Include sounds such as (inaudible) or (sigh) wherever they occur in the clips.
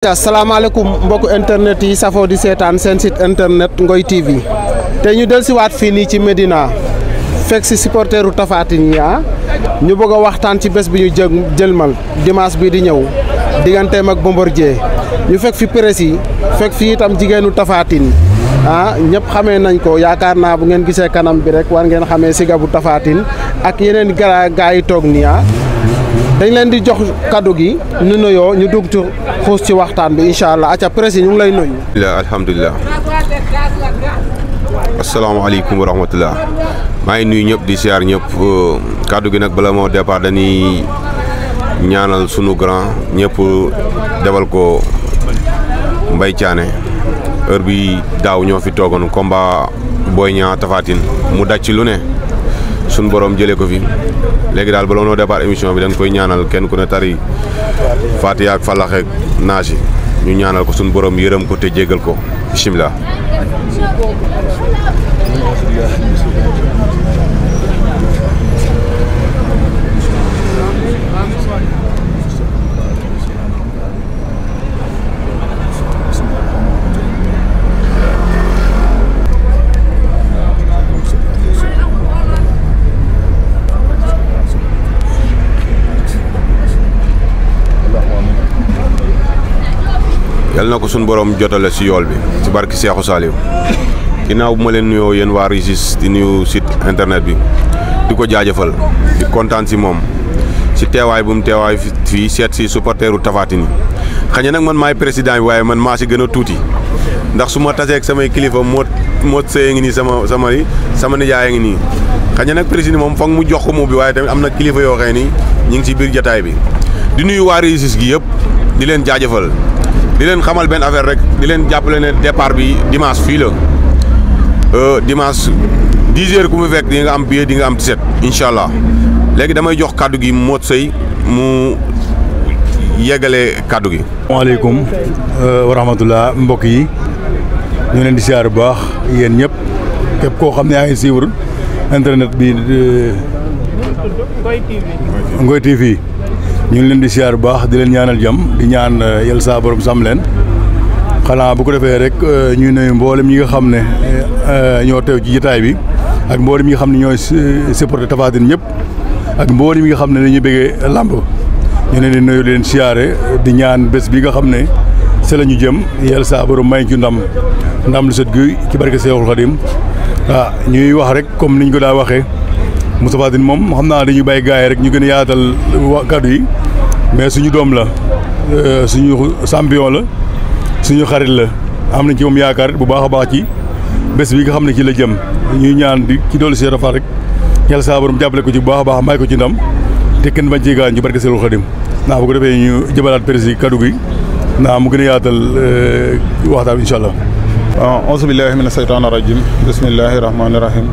Assalamualaikum, mbok internet yi safo di setan sen site internet Ngoy TV te ñu del wat fi ni ci medina fek si supporteru Tapha ya ñu bëgg waxtaan ci bës bi ñu jë jëlmal dimanche bi di ñew digante mak Bombardier ñu fek fi presse fek fi itam jigenu ah ñëpp xamee nañ ko yaakar na bu ngeen gisé kanam bi rek war ngeen xamé ak yeneen gaay tok ni ya ah. dañ leen di jox kaddu gi ñu nuyoo ñu dugg ci xuus ci waxtaan bi incha allah acca presse yi ñu lay nuyu. alhamdulilah asalaamaaleykum wa rahmatulah maa ngi nuyu ñëpp di siyaar ñëpp kaddu gi nag bala moo départ dañuy ñaanal sunu grand ñëpp defal ko Mbaye Thiané heure bi daaw ñoo fi toogoon combat Boy Niang Tapha Tine mu dacc lu ne. suñu boroom jëlee ko fi léegi daal bala noo départ émission bi dañ koy ñaanal kenn ko ne tari Fatiha ak Falaq ak Naas yi ñu ñaanal ko suñu boroom yërëm ko te jégal ko bisimilah. yal na ko sun borom jotale ci yol bi ci barki cheikhou saliw ginaaw bu ma leen nuyoo yéen waa di nuyo site internet bi diko jaajeufal di contane si mom si teway bu mu teway fi set si supporteru tafatini xagne nak man may president waye man ma ci gëna tuti ndax suma tassé ak samay kilifa mo mo sey ngi ni sama sama sama jaay ngi ni xagne nak president mom foog mu jox ko mu bi waye tamit amna kilifa yo xey ni ñing ci bir jotaay bi di nuyu wa RISIS gi yëpp di len jaajeufal di leen xamal benn affaire rek di leen jàppale ne départ bi dimanche fii la euh, dimanche dix heures ku mu fekk di nga am bi di nga am 17 incha allah léegi damay jox kàddu gi Modou Seye mu yeggale kàddu gi. waaleykum euh, wa rahmatullah mbokk yi ñu leen di siyaar bu baax yéen ñëpp képp koo xam ne yaa ngi suivre internet bi Ngoy euh, TV Ngoy ñu ngi leen di siyaar bu baax di leen ñaanal jam di ñaan eh, yàlla saa borom sam leen xanaa bu ko defee rek eh, ñu ne mboolem ñi nga xam ne eh, ñoo tew ci jitaay bi ak mboolem ñi xam ne ñooy supporté Tapha Tine ñëpp ak mboolem ñi nga xam ne dañuy bëggee làmb ñu leen di nuyu leen siyaare di ñaan bés bi nga xam ne se la ñu jëm yàlla saa may ci ndam ndam lu set guy ci barke Seexul Xadim waaw ah, ñuy wax rek comme niñ ko daa waxee. Moustapha Tine moom xam naa dañuy bàyyi gars yi rek ñu gën a yaatal kàddu yi mais suñu doom la euh, suñu champion la suñu xarit la am nañ ci moom yaakaar bu baax a baax ci bés bi nga xam ne ci la jëm ñuy ñaan di ci dolli si rafet rek yàlla saa borom jàppale ko ci bu baax a baax may ko ci ndam te kenn bañ ci gaañ ñu barke Seydou Khadim naa bu ko defee ñu jëbalaat prési kaddu gi naa mu gën a yaatal euh, waxtaan bi incha allah. auzu billaahi mina shaytaani rajiim bismillaahi rahmaani rahiim.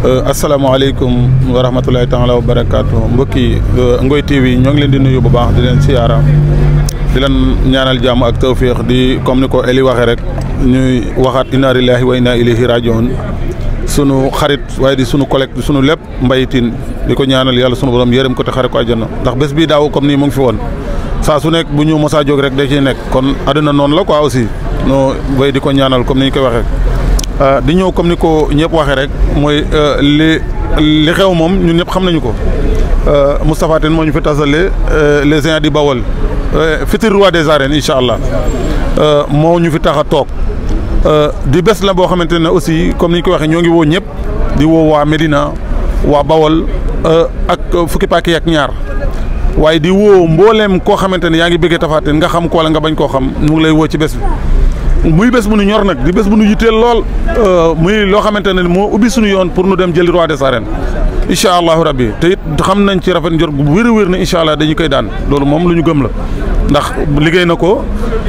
Euh, asalaamaaleykum wa rahmatulahi taala wa barakaatu mbokki euh, Ngoy TV ñoo ngi leen di nuyu bu baax di leen siyaara di leen ñaanal jàmm ak tawfiix di comme ni ko Eli waxee rek ñuy waxaat inna lillahi wa inna ilayhi rajiun sunu xarit waaye di sunu collègue sunu lépp mbayitin di ko ñaanal yàlla sunu borom yërëm ko te xare ko àjjana ndax bés bi daaw comme nii mu ngi fi woon saa su nekk bu ñu mosaa jóg rek da ciy nekk kon àdduna noonu la ko aussi no way di ko ñaanal comme ni ñu koy waxee Euh, di ñëw comme ni ko ñëpp waxee rek mooy euh, li li xew moom ñun ñëpp xam nañu ko euh, Moustapha Tine moo ñu fi tasale les géants di Bawol fitir roi des arènes incha allah moo ñu fi tax a toog di bes la boo xamante ne aussi comme ni ñu ko waxee ñoo ngi woo ñëpp di woo waa Médina waa Bawol ak fukki paaki ak ñaar waaye di woo mbooleem koo xamante ne yaa ngi bëggee Tapha Tine nga xam ko wala nga bañ koo xam mu ngi lay woo ci bes bi. muy bes bu nu ñor nag di bés bu nu yitteel lool euh, muy loo xamante ne moo ubbi suñu yoon pour nu dem jëli roi des arènes incha allahu rabbi te xam nañ ci rafet njor bu wér a wér ne allah dañu koy daan loolu moom lu ñu gëm la ndax liggéey na ko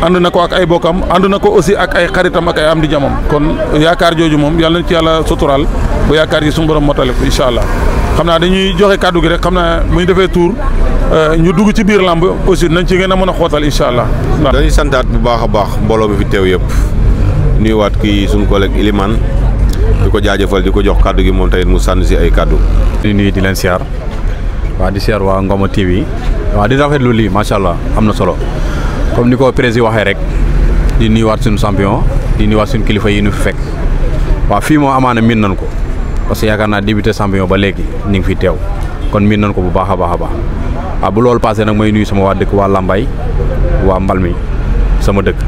ànd na ko ak ay bokkam ànd na ko aussi ak ay xaritam ak ay am di jamam kon yaakaar jooju moom yàlla nañ ci yàlla suturaal bu yaakaar yi suñu borom motale ko incha allah xam naa dañuy joxe kàddu gi rek xam naa bu defee tour Euh, ñu dugg ci biir lamb aussi nañ ci gën a mën a xootal incha allah. dañuy santaat bu baax a baax mbooloo bi fi teew yëpp nuyuwaat kii suñu collègue Iliman di ko jaajëfal di ko jox kàddu gi moom tamit mu sànni si ay kàddu. di nuyu di leen siyaar waa di siyaar waa Ngoma TV waa di rafetlu lii macha allah am na solo comme ni ko président rek di nuyuwaat suñu champion di nuyuwaat suñu kilifa yi ñu fekk waa fii moom amaana min nan ko parce que yaakaar naa débuté champion ba léegi ni ngi fi teew kon min nañ ko bu baax a baax a ah, bu lol passé nak may nuyu sama wa dekk wa lambay wa Mbalmi sama dekk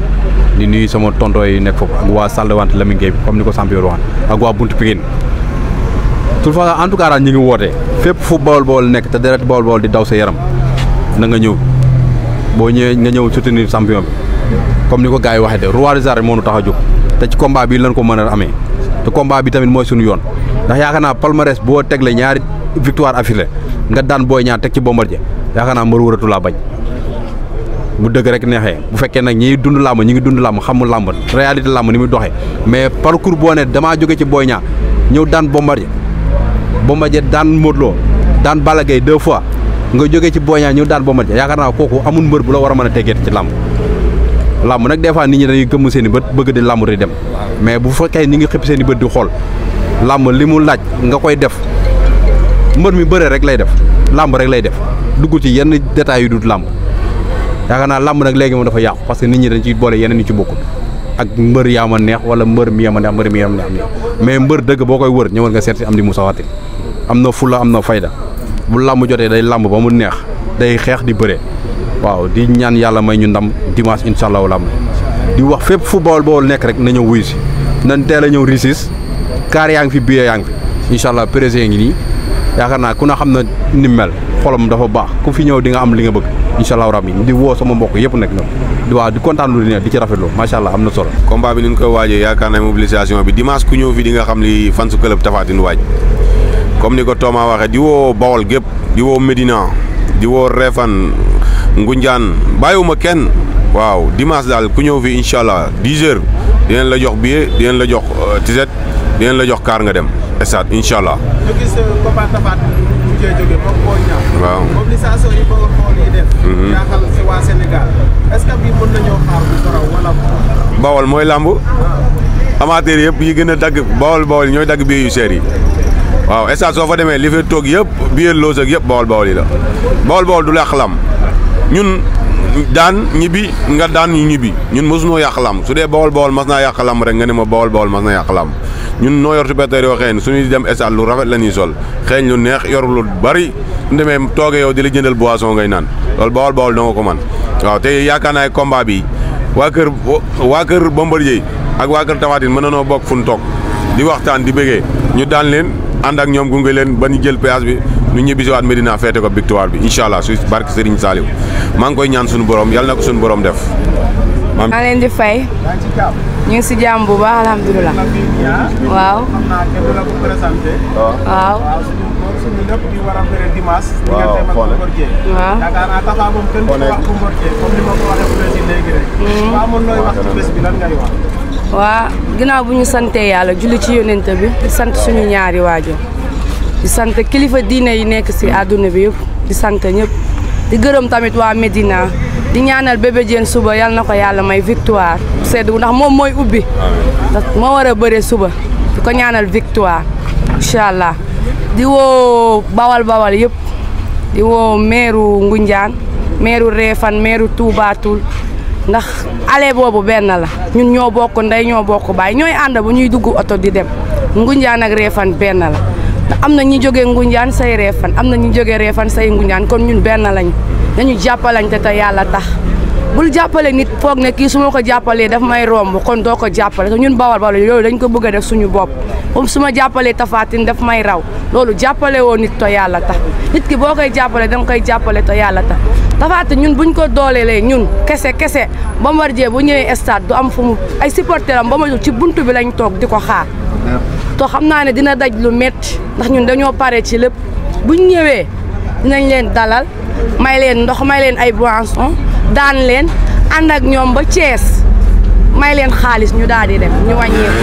di nuyu sama tonto yi nek fop wa waa wante Lamine comme niko ko champion waxan ak wa Buntu Pikine tout fois en tout cas ra ñi ngi woote fep football bol nek te deret bol bol di daw sa yaram na nga ñew bo ñe nga ñew soutenir champion comme niko ko gars de roi des arts mo nu tax te ci combat bi lañ ko mën amé te combat bi tamit moy suñu yoon ndax yaaka na palmarès tegle ñaari victoire affilée nga daan Boy ñaar tek ci Bombardier yaakaar naa mbër wëratu laa bañ bu deug rek nexé bu fekké nak ñi dund lamb ñi ngi dund lamb xamul lamb réalité lamb ni muy doxé mais parcours bo né dama joggé ci Boy ñaar ñëw daan Bombardier Bombardier daan modlo daan balagay deux fois nga joggé ci Boy ñaar ñëw daan Bombardier yaakaar naa kooku amul mbeur bu la wara mëna téggé ci lamb lamb nak des fois nit ñi dañuy gëm seeni bëtt bëgg di lamb ri dem mais bu fekké ñi ngi xep seeni bëtt di xol lamb limu laaj nga koy def mbeur mi beure rek lay def lamb rek lay def duggu ci yenn detail yu dul làmb yaakaar naa làmb nag léegi moom dafa yaq parce que nit ñi dañ ci bolé yeneen ñu ci bokku ak mbeur yaa ma neex wala mbeur mi yaa ma neex mbeur mi yaa ma neex mais mbeur deug bokoy wër ñewal nga seet si am di musawati amna am na fula am fayda bu lamb jotee day lamb ba mu neex day xex di beure waaw di ñaan yalla may ñu ndam dimanche inshallah lamb di wax fep football bool nek rek nañu wuy ci si nañ teel ñew ñëw risis kaar yaa fi biye yaang fi inshallah allah président ngi ni yaakaar naa ku na xam na ni mel xolam dafa baax ku fi ñëw di nga am li nga bëgg incha allah rabi di woo sama mbokk yëpp nag nag waaw di kontaan lu ne di ci rafetlu macha allah am na solo. combat bi ni ñu koy waajee yaakaar naa mobilisation bi dimanche ku ñëw fi di nga xam li fan su club Tapha Tine waaj comme ni ko toomaa waxee di woo Bawol gépp di woo Médina di woo Réfane Ngunjaan bàyyiwuma kenn waaw dimanche daal ku ñëw fi incha di 10 heures dinañ la jox billet la jox euh, tiset dinañ la jox kaar nga dem stade incha allah. ñu euh, mhm. Bawol mooy làmb. Ah. amateur yëpp yi gën a dagg Bawol Bawol ñooy dagg billet yu seer yi. waaw stade soo fa demee li fa toog yëpp billet loos ak yëpp Bawol Bawol yi la Bawol Bawol du yàq làmb ñun daan ñibbi nga daan ñu ñibbi ñun mosunoo yàq làmb su dee Bawol Bawol mas naa yàq làmb rek nga ne ma Bawol Bawol mas na yàq ñun noo yor supporters yoo su na dem stade lu rafet la ñuy sol xeeñ lu neex yor lu bari su demee toogee yow di la jëndal boisson ngay naan loolu bawol bawol doo nga ko man waaw te yaakaar naa combat bi waa kër waa kër Bombardier ak waa kër Tapha Tine mën na noo bokk fu ñu toog di waxtaan di bëggee ñu daan leen ànd ak ñoom gunge leen ba ñu jël péage bi ñu ñibbisiwaat Medina feete ko victoire bi incha allah su barke Serigne Saliou maa ngi koy ñaan suñu borom yàlla na ko suñu borom def. maa leen fay ñu ngi si jàmm bu baax alhamdulilah. waaw. waaw. waaw xoolal ñu santee yàlla julli ci yonent bi di sant suñu ñaari waajur di sant kilifa diina yi nekk si àdduna bi yëpp di sant ñëpp di gërëm tamit waa Medina. di ñaanal bébé suba yal na ko yàlla may victoire sedd ndax moom mooy ubbi ndax moo war a bëre suba di ko ñaanal victoire incha allah di woo bawal bawal yëpp di woo meeru Ngunjaan meeru Réfan meeru Tuubaatul ndax ale boobu benn la ñun ñoo bokk ndey ñoo bokku baa ñooy ànd bu ñuy dugg oto di dem Ngunjaan ak reefan benn la am na ñu jógee Ngunjaan say reefan am na ñu jógee reefan say Ngunjaan kon ñun benn lañ nañu jàppalante te yàlla tax bul jàppale nit foog ne kii su ma ko jàppalee dafa may romb kon doo ko jàppale te ñun bawal bawal dañ ko bëgg a def suñu bopp su ma jàppalee tafaatin daf may raw loolu jàppale woo nit to yàlla tax nit ki boo koy jàppale danga koy jàppale to yàlla tax tafaatin ñun buñ ko dooleelee ñun kese kese jee bu ñëwee stade du am fu mu ay supporteram ba ma ci buntu bi lañ toog di ko xaar te xam naa ne dina daj lu metti ndax ñun dañoo pare ci lépp bu ñu ñëwee dinañ leen dalal may leen ndox may leen ay boisson daan leen ànd ak ñoom ba Thiès may leen xaalis ñu daal di dem ñu wàññeeku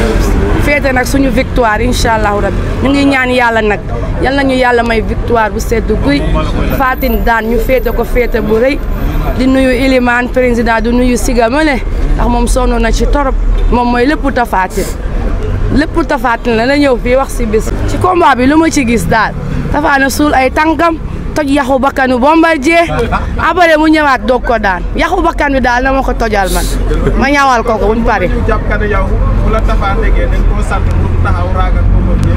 féete nag suñu victoire incha allahu rabbi ñu ngi ñaan yàlla nag yal nañu yàlla may victoire bu sedd guy faatin daan ñu féete ko féete bu rëy di nuyu Ilimane président di nuyu Siga Mele ndax moom sonn na ci torop moom mooy lépp Tapha Tine lépp Tapha Tine la na ñëw fii wax si bis ci combat bi lu ma ci gis daal Tapha na suul ay tànkam toj yaxu bakkanu Bombardier après mu ñëwaat dog ko daan yaxu bakkan bi daal na ma ko tojal ma ñaawal ko ko pare.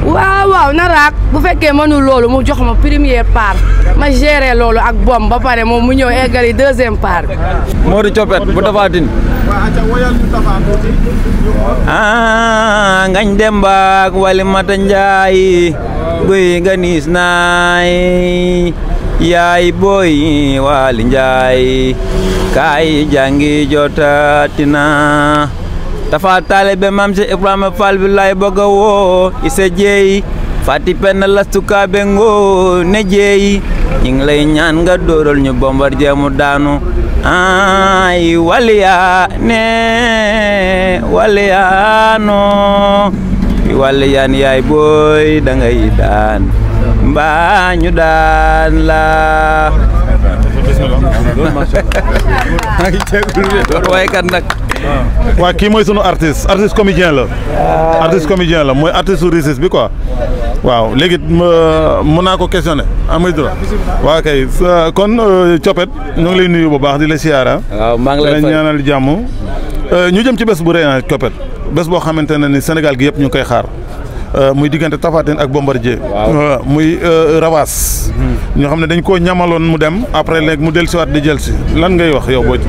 waaw na raak bu fekkee mënul loolu mu jox ma première part ma géré loolu ak bom ba pare moom mu ñëw eggali deuxième part bi. Modou Copet bu Tapha Tine. Ah, ngañ dem wali mata njaay guy nga niis naay yaay booy wali njaay kaay jangi jotaati tafa taalibe maam Cheikh Ibrahima bi laay bëgg a woo isa jeey fati penn lastukaabe ngoo ne jeey ñi lay ñaan nga dóoral ñu Bombardier mu daanu ay waliya ne waliya no waliyaan yaay booy da ngay daan mbaa ñu daan la (laughs) Wa ki moy sunu artiste artiste comédien la. artiste comédien la moy artiste su Régis bi quoi. waaw léegi mën naa ko questionner amay dro. Wa kay kon euh, Thiopete ñu ngi lay nuyu bu baax di la siara. waaw ma ngi lay ñaanal jamm. Euh, ñu jëm ci bës bu rëy ah Bës bo xamantene ni Sénégal gi yëpp ñu koy xaar. Euh, muy digënté tafatine ak Bombardier. muy rawas mm-hmm. ñu xamne dañ ko ñamalon mu dem après léegi mu wat di jël ci lan ngay wax yow boo ci.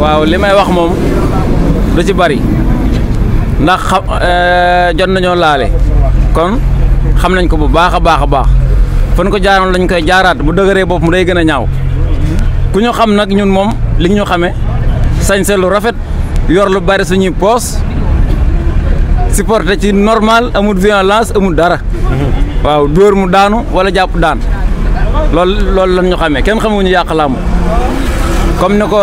waaw li may wax moom du ci bari ndax xam euh, jot nañoo laale kon xam nañ ko bu baax a baax a baax fan ko jaaroon lañ koy jaaraat mu dëgëree bopp mu day gën a ñaaw ku ñu xam nag ñun moom li ñu xamee sañse lu rafet yor lu bari suñuy poos supporté ci normal amul violence amul dara waaw dóor mu daanu wala jàpp daan loolu loolu lan ñu xamee kenn xamuñu yàq làmb comme ni ko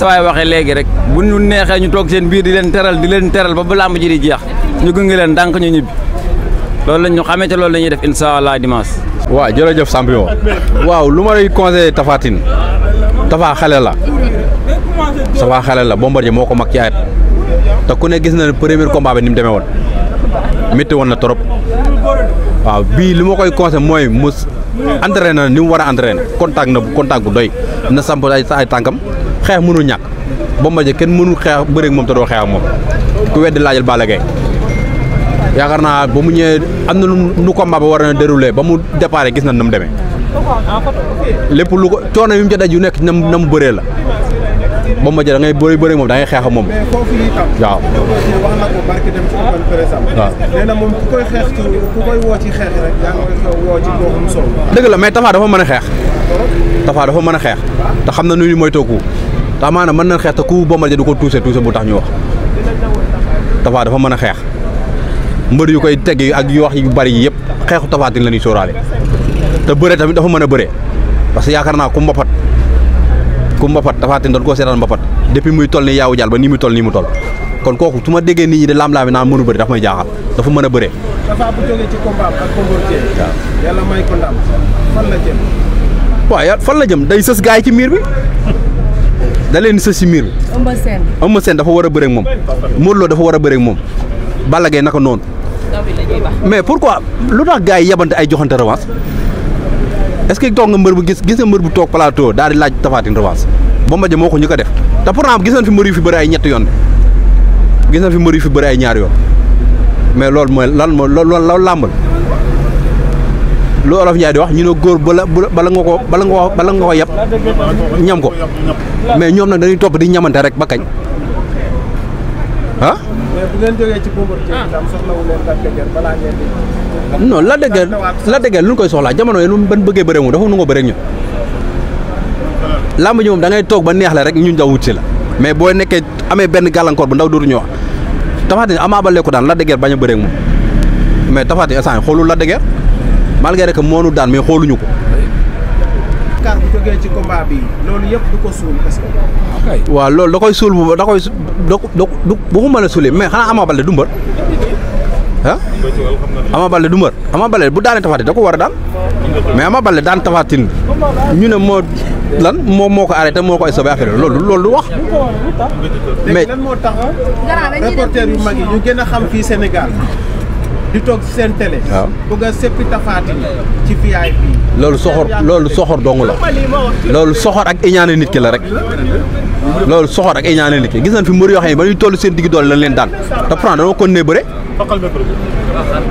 sawaay waxee léegi rek bu ñu neexee ñu toog seen biir di leen teral di leen teral ba ba làmb ji di jeex ñu gunge leen ndànk ñu ñibbi loolu la ñu xamee ca loolu la ñuy def incha allah dimanche. waaw jërëjëf champion waaw lu ma lay conseillé Tapha Tine Tapha xale la Tapha xale moo ko mag ci ayat te ku ne gis na ne premier combat bi ni mu demee woon métti woon na trop waaw bii li ma koy conseillé mooy mus entraîné na ni mu war a entraîné contact na bu contact bu doy na samp ay ay tànkam xeex mënul ñàkk Bombardier kenn mënul xeex bëreeg moom te doo xeex ak moom ku weddi laajal Balla Gaye yaakaar naa ba mu ñëwee am na nu combat ba war a déroulé ba mu déparé gis na na mu demee ah, lépp lu ko coono yi mu ca daj yu nekk na mu bëree la ba ma jël ngay bëri bëri moom da ngay xeex ak moom. waaw. waaw. dëgg la mais Tapha dafa mën a xeex. Tapha dafa mën a xeex. te xam na nu ñu mooy toogu. te maanaam mën na xeex te ku Bombardier du ko tuuse tuuse bu tax ñu wax. Tapha dafa mën a xeex. mbër yu koy teg ak yu wax yu bari yi yëpp xeexu Tapha Tine la ñuy sóoraale te bëre tamit dafa mën a bëre parce que yaakaar naa ku mbapat ku mbapat Tapha Tine doon koo seetaan mbapat depuis muy toll ni yaawu jàll ba ni muy toll nii mu toll kon kooku su ma déggee nit ñi di laam-laam bi naan mënu bëri dafa may jaaxal dafa mën a bëree. dafa la jëm. ya fan la jëm day sës gaay ci miir bi da leen sës ci miir bi. Eumeu Sène. dafa war a bëree ak moom. Modou Lo dafa war a bëree ak moom. Balla naka noonu. mais pourquoi lu tax gars yabante ay joxante revanche est ce que tok nga mbeur bu gis gis nga mbeur bu tok plateau dal di laaj tafatine revanche bo ma je moko ñuka def ta pourtant gis nañ fi mbeur yu fi bëri ay ñett yoon gis nañ fi mbeur yu fi bëri ay ñaar yoon mais lool moy lan mo lool lambal lo olof ñay di wax ñu no gor bala bala nga ko bala nga bala nga ko yab ñam ko mais ñom nak dañuy top di ñamante rek ba kañ ah mais bu ngeen jógee ci bombardier tam soxlawu leen tàggat bala ngeen non la dëgg la dëgg lu koy soxlaa jamono yi lu ban bëggee bëre mu dafa nu ko bëre ñu lamb ji moom da ngay toog ba neex la rek ñu ndaw wut si la mais boo nekkee amee benn gàllankoor bu ndaw dootu ñu wax tafaati amaa ba lekku daan la dëgg bañ a bëre moom mais tafaati instant xoolul la dëgg malgré que moonu daan mais xooluñu ko yaakaar bu jógee ci combat bi loolu yëpp du ko parce que waaw loolu da koy suul bu da koy bu mais le du ah Ama Baldé du mbër Ama Baldé bu daane Tapha da ko war a daan mais Ama bale daan Tapha Tine ñu ne moo lan moom moo ko arrêté moo ko sauvé affaire loolu loolu du wax. mais lan moo tax reporter yu mag yi ñu gën a xam fii senegal di toog ci seen a seppi loolu soxor loolu soxor dong la loolu soxor ak iñaane nit ki la rek. loolu soxor ak ay ñaan liggéey gis nañ fi mbër yoo xam ba ñuy toll seen digg doole lañ leen daan te pourtant dañoo continuer bëre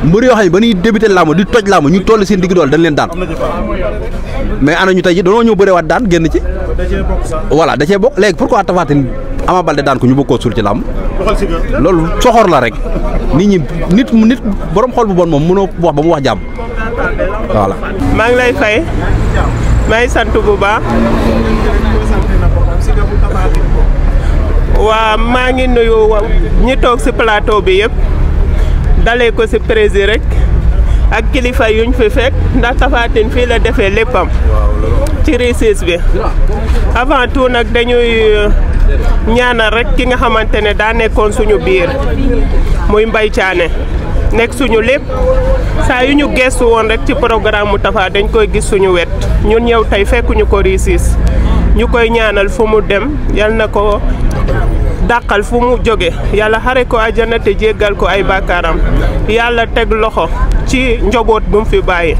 mbër yoo xam ba ñuy di toj làmb ñu toll seen digg doole dañ leen ñu tey ji dañoo ñëw bëre waat daan génn ci voilà da cee bokk léegi pourquoi Tapha Tine Ama Baldé daan ko ñu bëgg suul ci làmb loolu soxor la rek nit ñi nit nit borom xol bu bon moom mënoo wax ba mu wax jàmm voilà maa ngi lay fay maa ngi sant bu baax waa maa ngi nuyu ñi toog ci plateau bi yëpp dalee ko ci président rek ak kilifa yuñ fi fekk ndax Tapha fii la defee léppam ci réussite bi avant nag dañuy euh, ñaanal rek ki nga xamante ne daa nekkoon suñu biir muy Mbaye Thiané nekk suñu lépp saa yu ñu gestu woon rek ci programme mu Tapha dañ koy gis suñu wet ñun ñëw tey fekkuñu ko réussite ñu koy ñaanal fu mu dem yal na ko dàqal fu mu jóge yàlla xare ko àjjana te jéggal ko ay bàkkaaram yàlla teg loxo ci njaboot bu mu fi bàyyi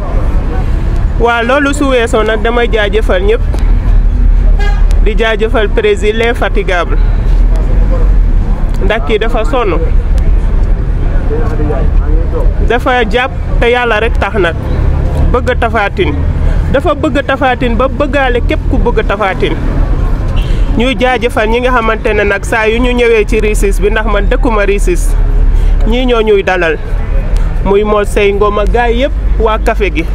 waa loolu su weesoo nag damay jaajëfal ñépp di jaajëfal président infatigable ndax yi dafa sonn dafa jàpp te yàlla rek tax na bëgg tafaatin dafa bëgg tafaatin ba bëggaale képp ku bëgg tafaatin ñuy jaajëfal ñi nga xamante ne nag saa yu ñu ñëwee ci Ricis bi ndax man dëkkuma Ricis ñii ñoo ñuy dalal muy moo say ngoma gaay yëpp waa kafe gi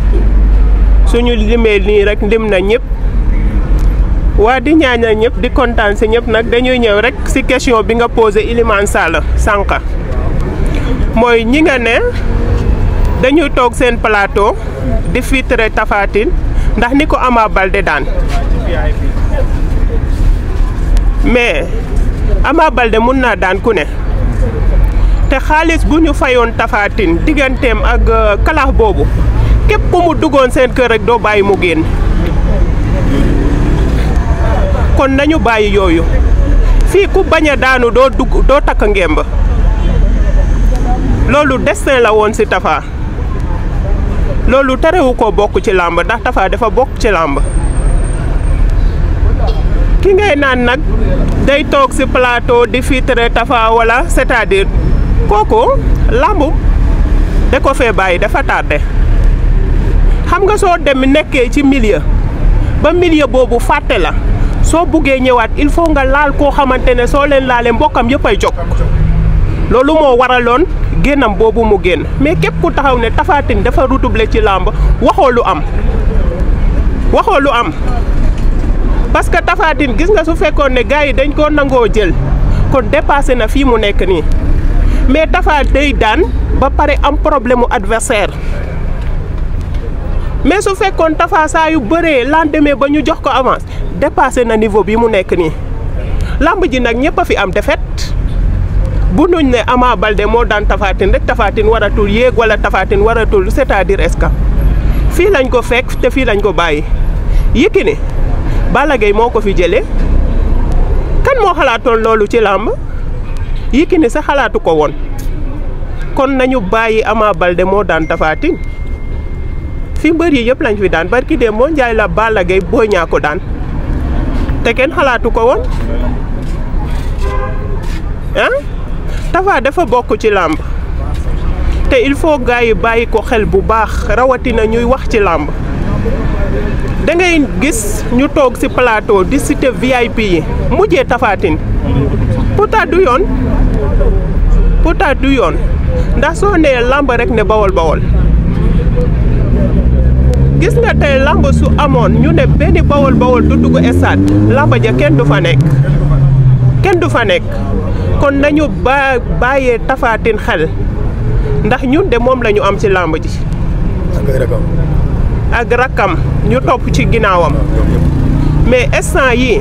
su ñu limee nii rek ndim na ñëpp waa di ñaanal ñëpp di kontaan si ñëpp nag dañuy ñëw rek si question bi nga posé Iliman Sall sànq mooy ñi nga ne dañuy toog seen palaatoo di filtre Tapha ndax ni ko Ama Baldé daan mais Ama Baldé mun naa daan ku ne te xaalis bu ñu fayoon tafaatin digganteem ak euh, kalaax boobu képp ku mu duggoon seen kër rek doo bàyyi mu génn kon nañu bàyyi yooyu fii ku bañ a daanu doo dugg doo takk ngemb loolu destin la woon ci Tapha loolu terewu ko bokk ci làmb ndax Tapha dafa bokk ci làmb ki ngay naan nag day toog si plateau di filtre Tapha wala c'est-à-dire kooku làmb da ko fee bàyyi dafa tardé xam nga soo dem nekkee ci milieu ba milieu boobu fàtte la soo buggee ñëwaat il faut nga laal koo xamante ne soo leen laalee mbokkam yëpp ay jóg Lolou mo waralon génnam bobu mu génn mais kep ku taxaw ne tafatine dafa rutuble ci lamb waxo lu am waxo lu am parce que tafatine gis nga su fekkone ne gars yi dañ ko nangoo jël kon dépasser na fi mu nek ni mais tafa day dan ba pare am problème adversaire mais su fekkone Tapha yu bëree lendemain ba jox ko avance Dépasser na niveau bi mu nek ni lamb ji nak ñepp fi am défaite bu nuñ ne Ama Baldé moo daan Tafatine rek Tafatine waratul yéeg wala Tafatine waratul c'est-à-dire est fii lañ ko fekk te fii lañ ko bàyyi Yékini Balla Gaye moo ko fi jëlee kan moo xalaatoon loolu ci làmb Yékini sa xalaatu ko woon kon nañu bàyyi Ama Baldé moo daan Tafatine fi mbër yi yëpp lañ fi daan barki dem moo njaay la Balla Gaye Boy ko daan te kenn xalaatu ko woon ah Tapha dafa bokk ci làmb te il faut gars yi bàyyi ko xel bu baax na ñuy wax ci da ngay gis ñu toog ci plateau di cité VIP yi mujjee Tapha Tine pourtant du yoon pourtant du yoon ndax rek ne bawol bawol gis nga tey làmb su amoon ñu ne benn bawol bawol du dugg stade làmb ja kenn du fa nekk kenn du fa kon nañu ba bàyyee tafaatin xel ndax ñun de moom la ñu am ci làmb ji ak rakkam ñu topp ci ginnaawam mais instant yii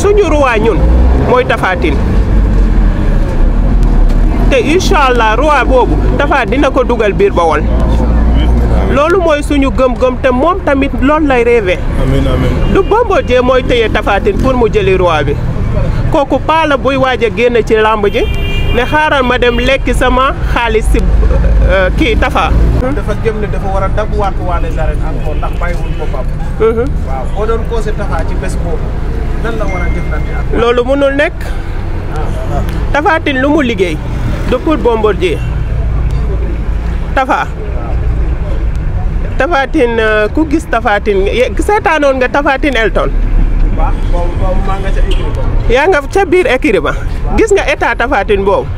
suñu roi ñun mooy tafaatin te incha allah roi boobu tafaat dina ko dugal biir ba woon loolu mooy suñu gëm-gëm te moom tamit loolu lay rêvé du Bombardier mooy téye tafaatin pour mu jëli roi bi kooku paa la buy waaj a génn ci làmb ji ne xaaral ma dem lekki sama xaalis si euh, kii Tafa. dafa dafa war a dabuwaat waa les arènes encore ndax bàyyiwul boppam. Mhm. loolu mënul nekk. Ah, ah. Tapha lu mu liggéey du pour Bombardier Tapha Tapha euh, ku gis Tapha Tine seetaanoon nga Tapha Elton yaa nga ca biir écurie ba gis nga état Tapha boobu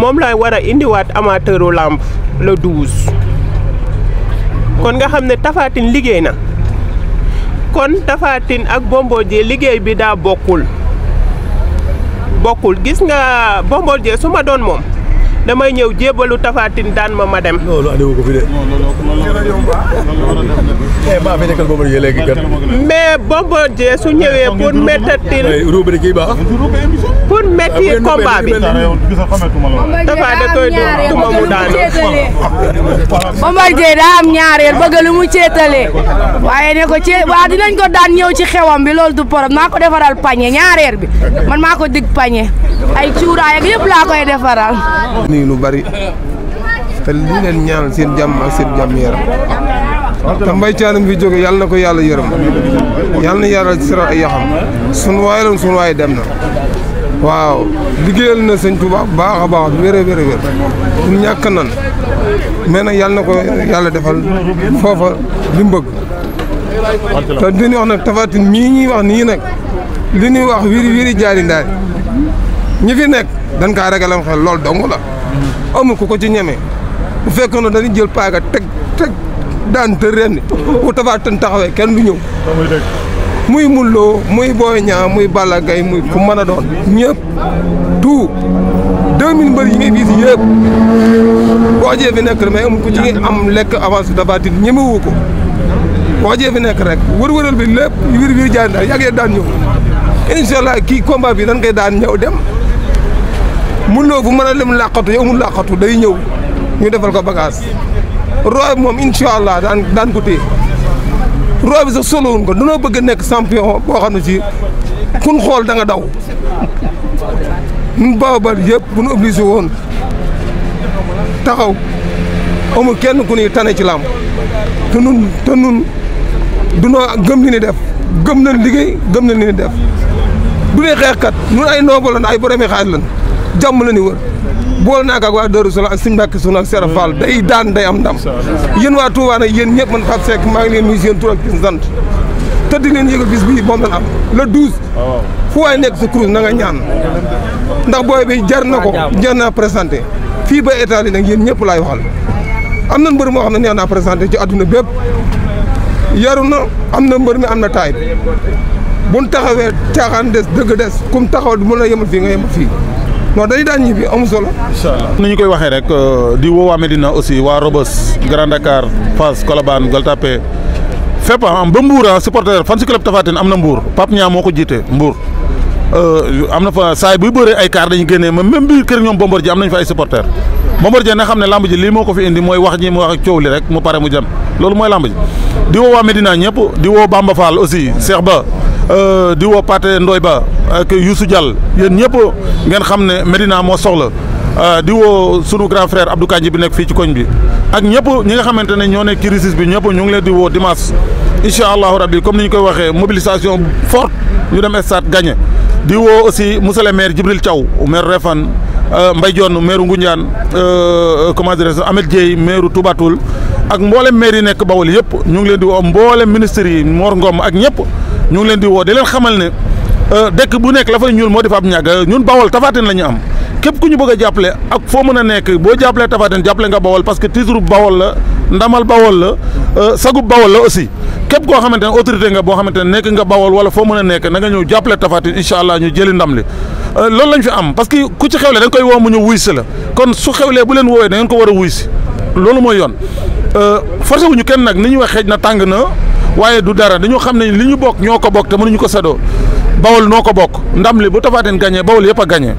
moom lay war a indiwaat amateuru làmp la douze kon nga xam ne tafaatin liggéey na kon tafaatin Tine ak Bombardier liggéey bi daa bokkul bokkul gis nga Bombardier su ma doon moom damay ñëw jébalu Tapha daan ma ma dem. loolu Eh, maa fi nekkal Bombardier léegi kat. mais Bombardier su ñëwee pour méttatil. Eh, rubrique yi baax. pour métti eh, combat mu daanu. waaye ne ko cee waa dinañ ko daan ñëw ci xewam bi loolu du problème maa ko defaral pañe ñaareel bi man maa ko dig pañe ay cuuraay ak yëpp laa koy defaral. nii lu bari. te liin leen ñaanal seen jàmm ak seen jàmm yaram te mbay caanam fi jóge yàlla na ko yàlla yërëm yàlla na yàlla ci saral ay yaxam sunu waay la sunu waay dem na waaw liggéeyal na sëñ Tuubaa baax baax wér a wér a wér ñun ñàkk yàlla na ko yàlla defal foofa li mu bëgg te li ñuy wax nag tafatin mii ñuy wax nii nekk li ñuy wax wiri wiri jaari ndaari ñi fi nekk dañ kaa ragalam xel loolu dong la amul ku ko ci ñeme bu fekkoon ne dañuy jël paaga teg teg daan tër ren bu Tapha taxawee kenn du ñëw. muy Modou Lô muy Boy Niang muy Balla Gaye muy ku mën a doon ñëpp tout deux mille mbër yi ngay gis yëpp boo fi nekk mais amul ku ci am lekk avance Tapha Tine ñemewu ko boo fi nekk rek wër-wëral bi lépp wir wir jaan daal yàggee daan ñëw incha kii combat bi dañ koy daan ñëw dem Modou Lô fu mën a lim làqatu yow mu làqatu day ñëw ñu defal ko bagaas rooy moom incha allah daan daan ko téye rooy bi sax dunoo ko danoo nekk champion boo xam ne ci kun xool danga nga daw ñun baobab yëpp bu ñu obligé woon taxaw amul kenn ku ñuy tane ci làmb te nun te nun dunoo gëm def gëm nañ liggéey gëm li ni def du ne xeexkat nun ay noobo lan ay boromi xaaj lan jàmm la wër bol naa ko ak waa ak suñu bak suñu ak Serap Fall day dan day am dam yeen wa Touba na yeen ñepp man fat sek ma ngi leen nuyu seen tur ak bis sant te di leen yëgal bis bi moom lañ am le 12 fu waay nekk sa cruise na nga ñaan ndax boy bi jar nako ko jar naa présenté fii ba état yi nag yéen ñëpp laay waxal am na mbeur mo xamna ne na naa ci aduna bépp yaru na am na mbeur mi am na taay bi bu ñu taxawee caaxaan des dëgg des kum taxaw du mëna yëmul fi nga yëmul fi non day dañ ñibbi am solo inshallah ni ñu koy waxe rek euh, di wo wa Medina aussi wa robos Grand Dakar kolaban, Colobane fepa, am ah, ba Mbour ah, supporter fan club Tafatine am nembur, Mbour pap Niang moko jité Mbour euh, am amna fa say bu beure ay car dañu génnee ma même biir kër ñom Bombardier amnañ fa ay supporter Bombardier na xamné ne lamb ji li moko fi indi moy wax ñi mu wax ak li rek mu pare mu jëm lolu moy lamb ji di wo wa Medina nyapu, di wo Bamba Fall aussi Cheikh Ba Euh, di woo Pathé Ndoye Ba ak Youssou Diall yéen ñëpp ngeen xam ne Medina moo soxla euh, di woo sunu grand frère Abdou Kandji bi nekk fii ci koñ bi ak ñëpp ñi nga xamante ne ñoo nekk kirisis bi ñëpp ñu ngi leen di woo dimanche incha allahu rabbi comme ni ñu koy waxee mobilisation forte ñu dem stade gagné di woo aussi monsieur le maire Djibril Thiaw maire Refane euh, Mbaye Dione maire Ngoundiane comment dirais je Ahmed Dieye maire ak mboolem maire yi nekk Bawol yëpp ñu ngi leen di woo mboolem ministre yi Mor Ngom ak ñëpp. ñu ngi leen di woo di leen xamal ne euh, dëkk bu nekk la fay ñuul moo di fa ab ñàgg ñun bawol tafaatin la ñu am képp ku ñu bëgg a jàppale ak foo mën a nekk boo jàppalee tafaatin jàppale nga bawol parce que titre bawol la ndamal bawol la euh, sagub bawol la aussi képp koo xamante ne autorité nga boo xamante ne nekk nga bawol wala foo mën a nekk na nga ñëw jàppale tafaatin incha allah ñu jëli ndam li euh, loolu lañ fi am parce que ku ci xewle da nga koy woo mu ñu wuy la kon su xewlee bu leen woowee da ko war a wuy si loolu mooy yoon euh, forcé wuñu kenn nag ni ñu wax xeej na tàng na waaye du dara dañoo xam ne li ñu bokk ñoo ko bokk te ñu ko sadoo bawol noo ko bokk ndam li bu tafaateen gañee bawol yëpp a gagné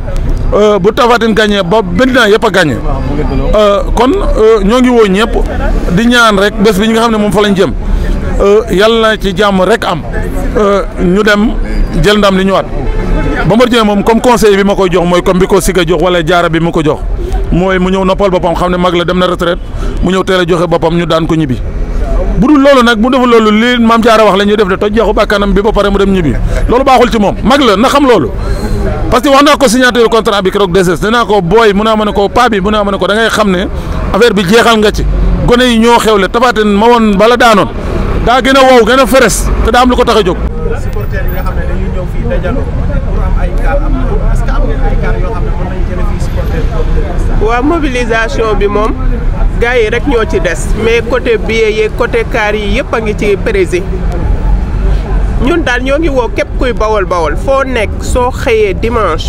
euh, bu tafaateen gagné ba Medina yëpp a gagné euh, kon ñoo ngi woo ñëpp di ñaan rek bés bi ñi nga xam ne moom fa lañ jëm yàlla naa ci jàmm rek am ñu dem jël ndam li ñëwaat Bombardier moom comme conseil bi ma koy jox mooy comme bi ko Siga jox wala jaara bi ma ko jox. mooy mu ñëw noppal boppam xam ne mag la dem na retraite mu ñëw teel joxe boppam ñu daan ko ñibbi bu dul loolu nag bu deful loolu li maam a wax la ñuy def de toj jeexu bàkkanam bi ba pare mu dem ñibbi loolu baaxul ci moom mag la na xam loolu parce que wax naa ko signature contrat bi keroog deses nee naa ko booy mun naa mën a ko paa bi naa mën a ko da xam ne affaire bi jeexal nga ci gone yi ñoo xewle tafaten ma woon bala daanoon daa gën a wow gën a feres te daa am lu ko tax a jóg. supporters yi la mobilisation bi mom rek mais côté billet côté car yi avons a ngi ci présé ñun kuy bawol bawol dimanche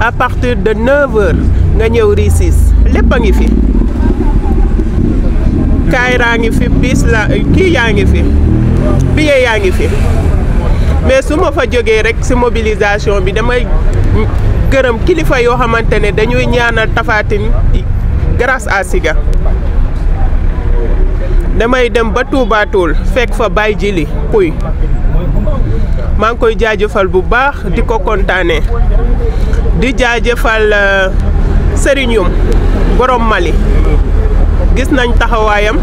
à partir de 9h nga ñew ici. fi ngi fi bis la fi billet mais suma fa joggé rek mobilisation gërëm kilifa yoo xamante ne dañuy ñaanal tafaatin grâce à damay dem ba Touba Toul fekk fa Baye Jili Pouy maa ngi koy jaajëfal bu baax di ko kontaane di jaajëfal euh, Serigne Youm borom Mali gis nañ taxawaayam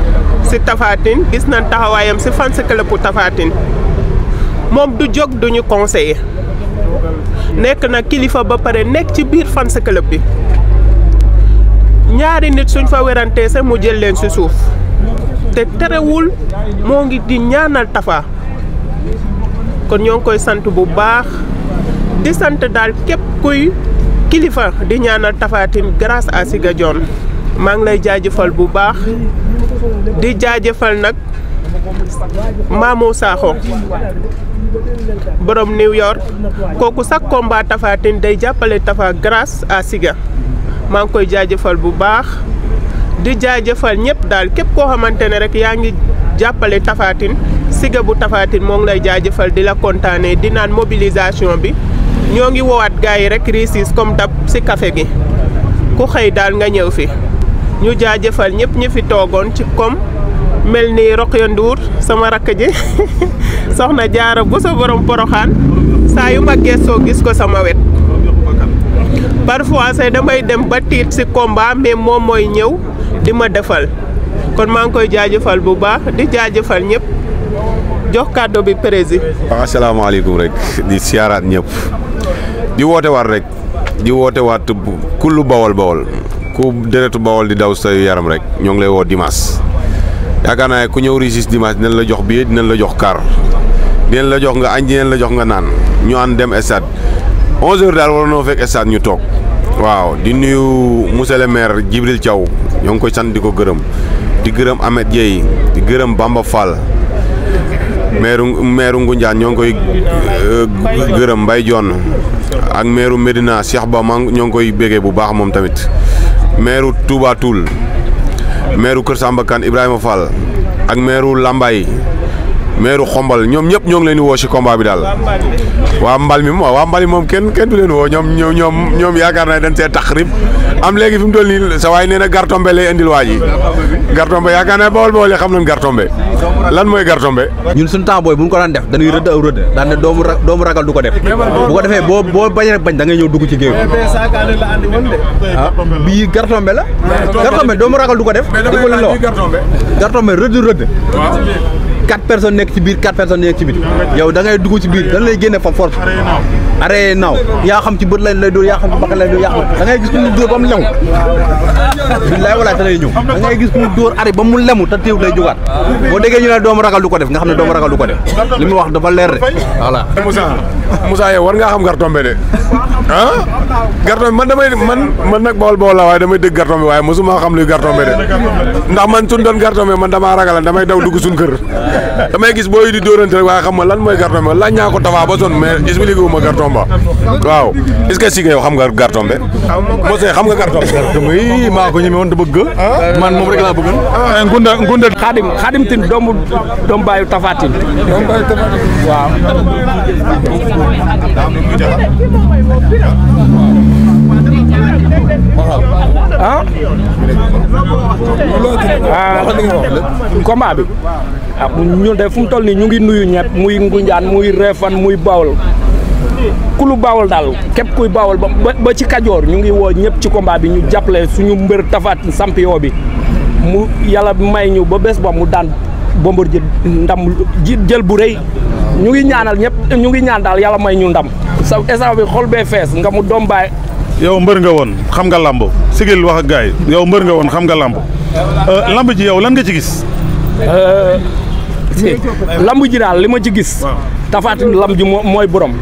ci Tafatine gis nañ taxawaayam ci fans club moom du jog duñu conseiller nekk nag kilifa ba pare nekk ci biir fans club bi ñaari nit suñ fa werantee mu jël leen ci suuf te terewul moo ngi di ñaanal Tapha kon ñoo koy sant bu baax di sant daal képp kuy kilifa di ñaanal Tapha Tine grâce à Siga Dione maa ngi lay jaajëfal bu baax di jaajëfal nag Mamo Sakho borom New York kooku sax combat Tapha Tine day jàppale Tapha grâce à Siga maa ngi koy jaajëfal bu baax di jaajëfal ñëpp daal képp koo xamante ne rek yaa ngi jàppale tafaatin Siga bu tafaatin Tine moo ngi lay jaajëfal di la kontaanee di naan mobilisation bi ñoo ngi woowaat gars yi rek réussir comme dab si café gi ku xëy daal nga ñëw fi ñu jaajëfal ñëpp ñi fi toogoon ci comme melni ni Roqya Ndour sama rakaji (laughs) soxna jaara bu so borom poroxan sa yu magge so gis ko sama wet parfois say damay dem ba tit si combat mais mom moy ñew di ma defal kon ma ngoy jaajeufal bu baax di jaajeufal ñep jox cadeau bi prezi assalamu alaykum rek di siarat ñep di wote war rek di wote wat kullu bawol bawol ku deretu bawol di daw sa yaram rek ñong lay wo Dimas yakana ku ñew Régis dimanche dinañ la jox billet dinañ la jox car dinañ la jox nga añ dinañ la jox nga nan ñu ànd dem stade 11h dal war noo fekk stade ñu tok waaw di nuyu monsieur le maire jibril Thiaw ñong koy sant diko gëreum di gëreum Ahmed Dieye di gëreum Bamba Fall maire maire ngundian ñong koy euh, gëreum bay jonn ak maire Medina Cheikh Ba maa ñoo koy bégee bu baax mom tamit maire Touba Toul maire Kër Samba Kane Ibrahima Fall ak maire lambay meeru xombal ñoom ñëpp ñoo ngi leen di woo si combat bi daal waa mbal mi waa mbal moom kenn kenn du leen woo ñoom ñoom ñoom yaakaar naa dañ see taxrib am léegi fi mu toll nii sa waay nee na gartombe lay indil waa ji gartombe yaakaar naa bawol bawol yi xam nañ gartombe lan mooy gartombe ñun suñu temps booy bu ñu ko daan def dañuy rëdd aw rëdd daan ne doomu doomu ragal du ko def bu ko defee boo boo bañ rek bañ da ngay ñëw dugg ci géew ah bii gartombe la gartombe doomu ragal du ko def da ko leen la quatre personnes nekk ci biir quatre personnes nekk ci biir yow da ngay ci biir dañ lay génne fa force aree naaw yaa xam ci bët lay lay dóor yaa xam ci bakkan lay dóor yaa xam da ngay gis ñu dóor ba mu lew billaay walaay te lay ñëw da ngay gis mu dóor ari ba mu lemu ta téew lay jógaat boo déggee ñu ne doomu ragal du ko def nga xam ne doomu ragal du ko def li mu wax dafa leer de voilà Moussa Moussa yow war ngaa xam gartombe de ah gartombe man damay man man nag bool bool la waaye damay dégg gartombe waaye mosuma xam luy gartombe de ndax man suñ doon gartombe man damaa ragalan damay daw dugg suñ kër damay gis booy di dóorante rek waaye xam ma lan mooy gartombe laaj ñaa ko tafaa ba son mais expliqué wu ma gartombe waaw est-ce yow xam nga gartombe mosee xam nga gartombe i maa ko ñeme woon da bëgg man moom rek laa bëggoon ah, ngunda ngunda xadim xadim tin doomu tafatin doom tafatin waaw ah combat bi ah ñun de fu toll nii ñu ngi nuyu ñëpp muy ngunjaan muy refan muy bawol ku lu baawal daal képp kuy baawal ba ba ci kajoor ñu ngi woo ñëpp ci combat bi ñu jàppale suñu mbër tafaat sampiyon bi mu yàlla may ñu ba bés ba mu daan Bombardier ndam ji jël bu rëy ñu ngi ñaanal ñëpp ñu ngi ñaan daal yàlla may ñu ndam sa instant bi xol bee fees nga mu doom baay yow mbër nga woon xam nga làmb sigil wax ak gars yi mbër nga woon xam nga làmb euh, làmb ji yow lan nga ci gis euh, làmb ji daal li ma ci gis tafaatin lam ji mooy borom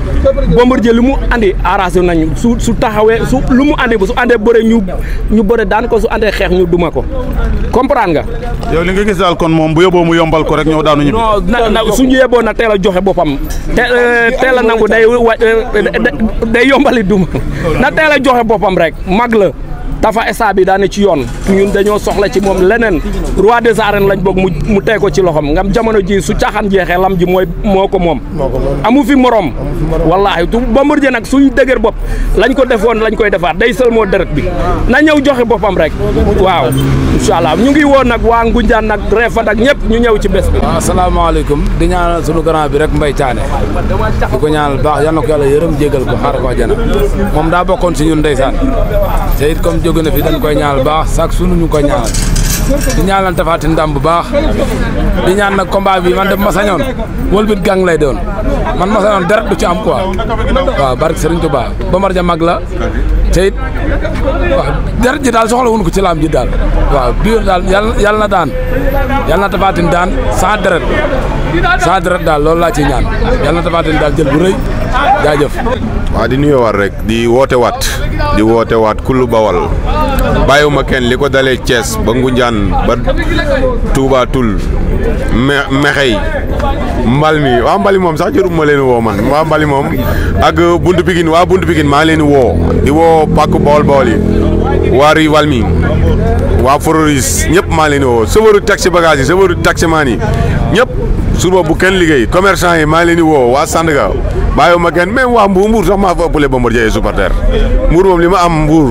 Bombardier lu mu andi arrangé nañu su su taxawee su lu mu andi su andee bëre ñu ñu bëre daan ko su andee xeex ñu duma ko comprendre nga. yow li nga gis daal kon moom bu yóbboo mu yombal ko rek ñëw daanu ñu. non na su ñu yóbboo na teel a joxe boppam te euh, teel a nangu day wa euh, day yombali duma na teel a joxe boppam rek mag la. Tafa Essa bi daane ci yoon ñun dañoo soxla ci mom leneen roi des arènes lañ bok mu mu ko ci loxam ngam jamono ji su chaxan jeexee lam ji moy moko mom amu fi morom wallahi tu Bombardier nak suy deuguer bop lañ ko defoon lañ koy defaat day seul mo deret bi na ñew joxe bopam rek waaw inshallah ñu ngi woon nak wa Ngunjaan nak refa nak ñep ñu ñew ci bes bi alaykum di ñaan suñu grand bi rek mbay Thiané ko ñaanal baax yalla nako yalla yàlla jéggal ko xaar ko jana mom da bokkon ci ñun ndeysaan te comme jóge na fi dañ koy ñaanal baax sax suñu ñu koy ñaanal di ñaanal Tapha ndam bu baax di ñaan nak combat bi man dem ma sañon wolbit gang lay doon man ma sañon dara du ci am quoi waaw barik Serigne Touba marja mag la teet it waaw ji dal soxla wuñ ko ci lam ji dal waaw biir dal yàlla na daan yàlla na daan sa deret sa deret dal lool la ci ñaan yàlla na daal jël bu rëy jaajëf waaw di nuyuwaat rek di woote waat di woote waat kullu bawal bàyyiwuma kenn li ko dalee Thiès ba Ngunjaan ba Touba Toul me mexey mbal waa mbali moom sax jërum ma woo man waa mbali moom ak buntu Pikine waa buntu Pikine maa leen woo di woo pàkk bawol bawol yi waa rival mi waa fororis ñëpp maa leen woo sëfaru taxi bagage yi sëfaru taximaan yi ñëpp suba bu kenn liggéey commerçant yi maa leen woo waa Sandaga bàyyiwuma kenn même wa Mbour Mbour sax ma fa ëppale Bombardier ay supporter Mbour mom lima am Mbour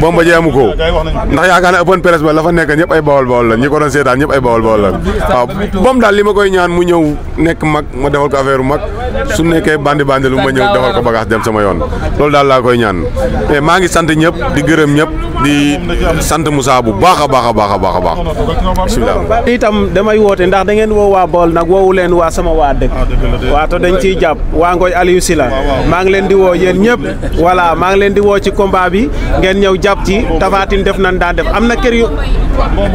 bomba amu amuko ndax yaakaar naa open presse ba la fa nek ñep ay bawol bawol la ñi ko doon seetaan ñëpp ay bawol bawol la waaw bom dal lima koy ñaan mu ñew nek mak ma defal ko affaire mak su nekké bandi bandi lu ma ñew defal ko bagage dem sama yoon lol dal la koy ñaan té eh, ma ngi sante ñep di gëreem ñep di sante Moussa bu baaxa baaxa baaxa baaxa baax bismillah itam damay woote ndax da ngeen wo wa bol nak wo wulen wa sama wa dëkk ah, wa to dañ ci japp wa ngoy mooy Aliou Sylla maa ngi leen di woo yéen ñëpp voilà maa ngi leen di woo ci combat bi ngeen ñëw jàpp ci tafaatin def nan daan def am na kër yu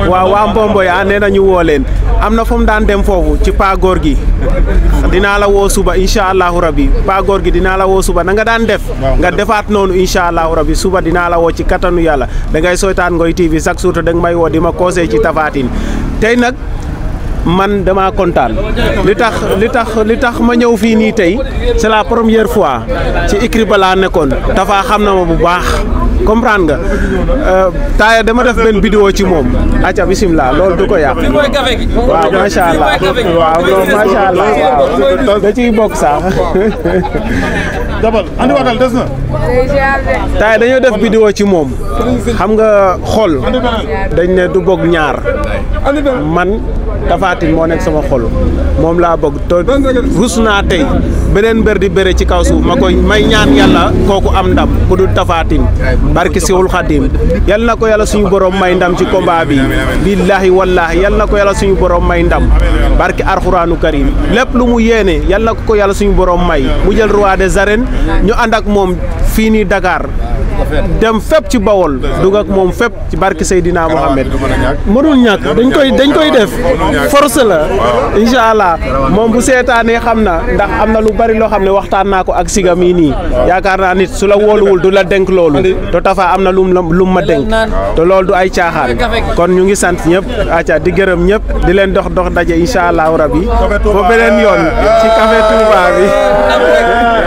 waaw waa Mbomboy ah nee nañu woo leen am na fu daan dem foofu ci paa góor gi dinaa la woo suba incha allahu rabi paa góor gi dinaa la woo suba na nga daan def nga defaat noonu incha allahu rabi suba dinaa la woo ci kattanu yàlla da ngay sooytaan Ngoy TV chaque jour da nga may woo di ma conseil ci tafaatin tey nag man dama kontaan li tax li tax li tax ma ñëw fii nii tey c'est la première fois ci écrit ba laa nekkoon dafa xam na ma bu baax comprendre nga euh, taaya dama def benn vidéo ci moom acca bisimilah lool du ko yàq waaw macha allah waaw da ciy bokk sax (laughs) dabal andi waatal des na tay dañoo def vidéo ci mom xam nga xol dañ ne du bok ñaar man tafatin mo nek sama xol Mom la bok te rus naa benen berdi mbër di bëre ci kawsu makoy may ñaan yalla koku am ndam ku barki siwul khadim yalla nako yalla suñu borom may ndam ci combat bi billahi wallahi yalla nako yalla suñu borom may ndam barki alquranu karim lepp lu mu yene yalla nako yalla suñu borom may mu jël roi des arènes ñu ànd ak moom fii nii dakaar dem fépp ci Bawol dugg ak moom fépp ci barke Seydina Mohamed mënul ñàkk dañ koy dañ koy def force la incha allah moom bu seetaanee xam na ndax am na lu bari loo xam ne waxtaan naa ko ak siga yi nii yaakaar naa nit su la wóoluwul du la denk loolu te tafa am na lu mu ma denk te lool du ay caaxaan kon ñu ngi sant ñëpp aca di gërëm ñëpp di leen dox dox daje incha allahu rabi ba beneen yoon ci café Touba bi